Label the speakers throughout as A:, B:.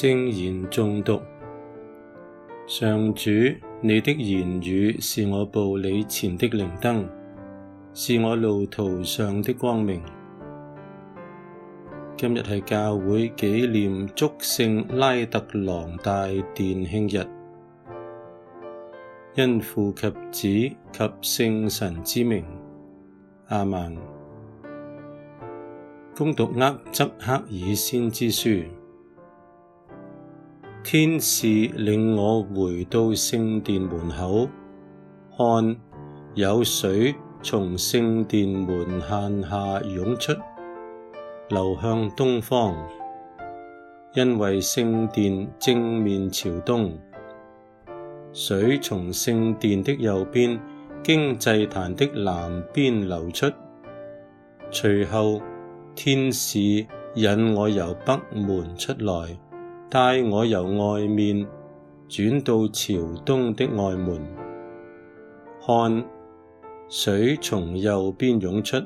A: 聖言誦讀，上主，你的言語是我步履前的靈燈，是我路途上的光明。今日係教會紀念祝聖拉特朗大殿慶日，因父及子及聖神之名，阿們。恭讀厄則克耳先知書。天使領我回到聖殿門口，看有水從聖殿門限下湧出，流向東方，因為聖殿正面朝東。水從聖殿的右邊，經祭壇的南邊流出。隨後，天使引我由北門出來。帶我由外面，轉到朝東的外門，看水從右邊湧出。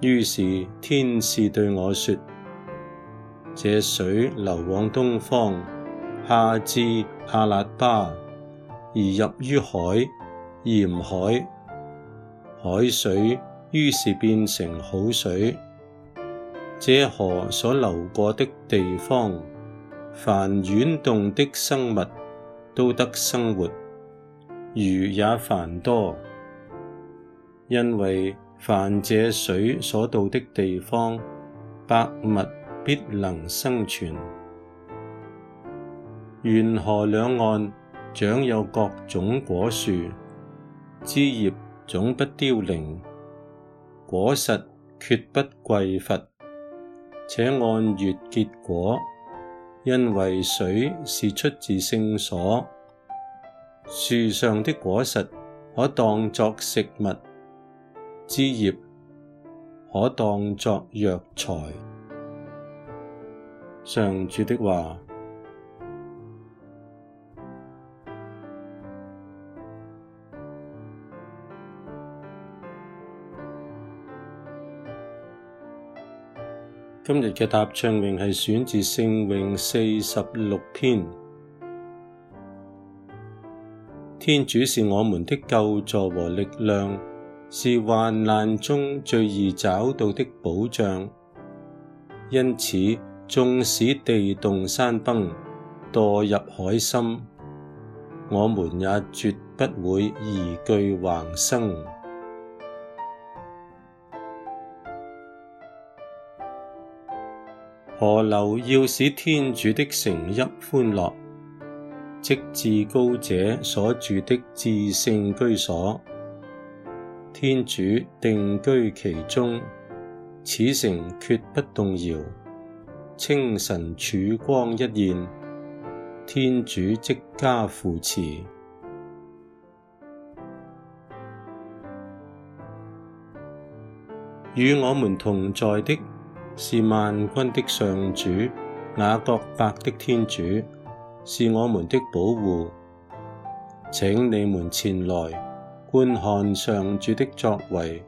A: 於是，天使對我說：「這水流往東方，下至阿辣巴，而入於海，鹽海。海水於是變成好水。這河所流過的地方，凡蠕動的生物都得生活，魚也繁多。因為凡這水所到的地方，百物必能生存。沿河兩岸長有各種果樹，枝葉總不凋零，果實決不匱乏。且按月結果，因為水是出自聖所，樹上的果實可當作食物，枝葉可當作藥材。上主的話。今日嘅答唱詠係選自聖詠四十六篇。天主是我們的救助和力量，是患難中最易找到的保障。因此，縱使地動山崩，墮入海心，我們也絕不會疑懼橫生。河流要使天主的城邑歡樂，即至高者所住的至聖居所，天主定居其中，此城決不動搖。清晨曙光一現，天主即加扶持，與我們同在的。是萬軍的上主，雅各伯的天主，是我們的保護，請你們前來，觀看上主的作為，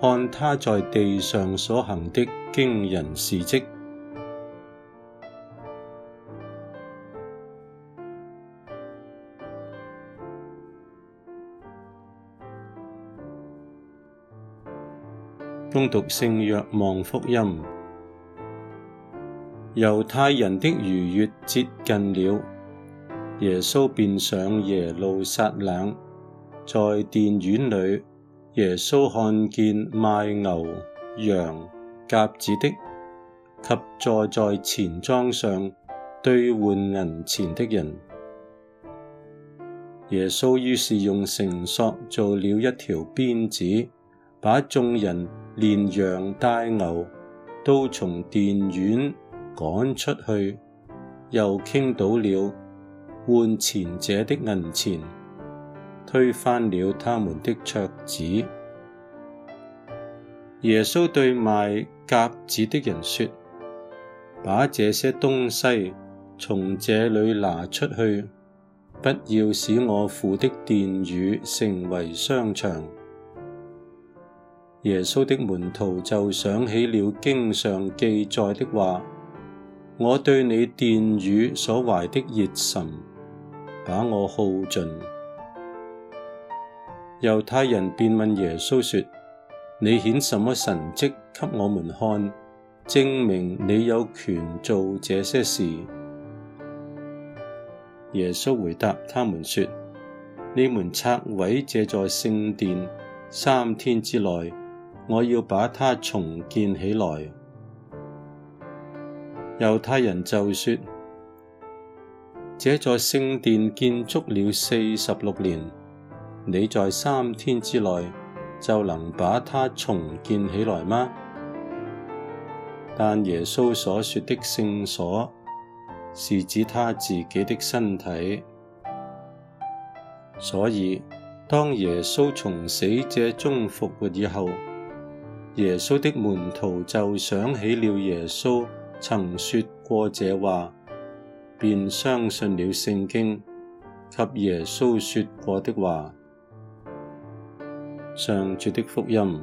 A: 看他在地上所行的驚人事蹟。恭讀聖若望福音。猶太人的逾越節近了，耶穌便上耶路撒冷，在殿院裡，耶穌看見賣牛、羊、鴿子的，及坐在錢莊上兌換銀錢的人，耶穌於是用繩索做了一條鞭子，把眾人連羊帶牛都從殿院趕出去，又傾倒了換錢者的銀錢，推翻了他們的桌子。耶穌對賣鴿子的人說：把這些東西從這裡拿出去，不要使我父的殿宇成為商場。耶穌的門徒就想起了經上記載的話。我對你殿宇所懷的熱忱，把我耗盡。猶太人便問耶穌說：你顯什麼神蹟給我們看，證明你有權做這些事？耶穌回答他們說：你們拆毀這座聖殿，三天之內，我要把它重建起來。猶太人就說：「這座聖殿建築了四十六年，你在三天之內，就能把它重建起來嗎？」但耶穌所說的聖所，是指他自己的身體，所以當耶穌從死者中復活以後，耶穌的門徒就想起了耶穌。曾說過這話，便相信了聖經及耶穌說過的話，上主的福音。